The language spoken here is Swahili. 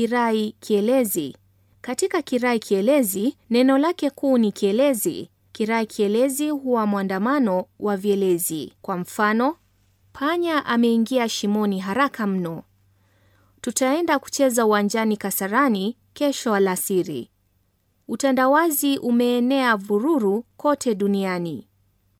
kirai kielezi. Katika kirai kielezi, neno lake kuu ni kielezi. Kirai kielezi huwa mwandamano wa vielezi. Kwa mfano, panya ameingia shimoni haraka mno. Tutaenda kucheza uwanjani Kasarani kesho alasiri. Utandawazi umeenea vururu kote duniani.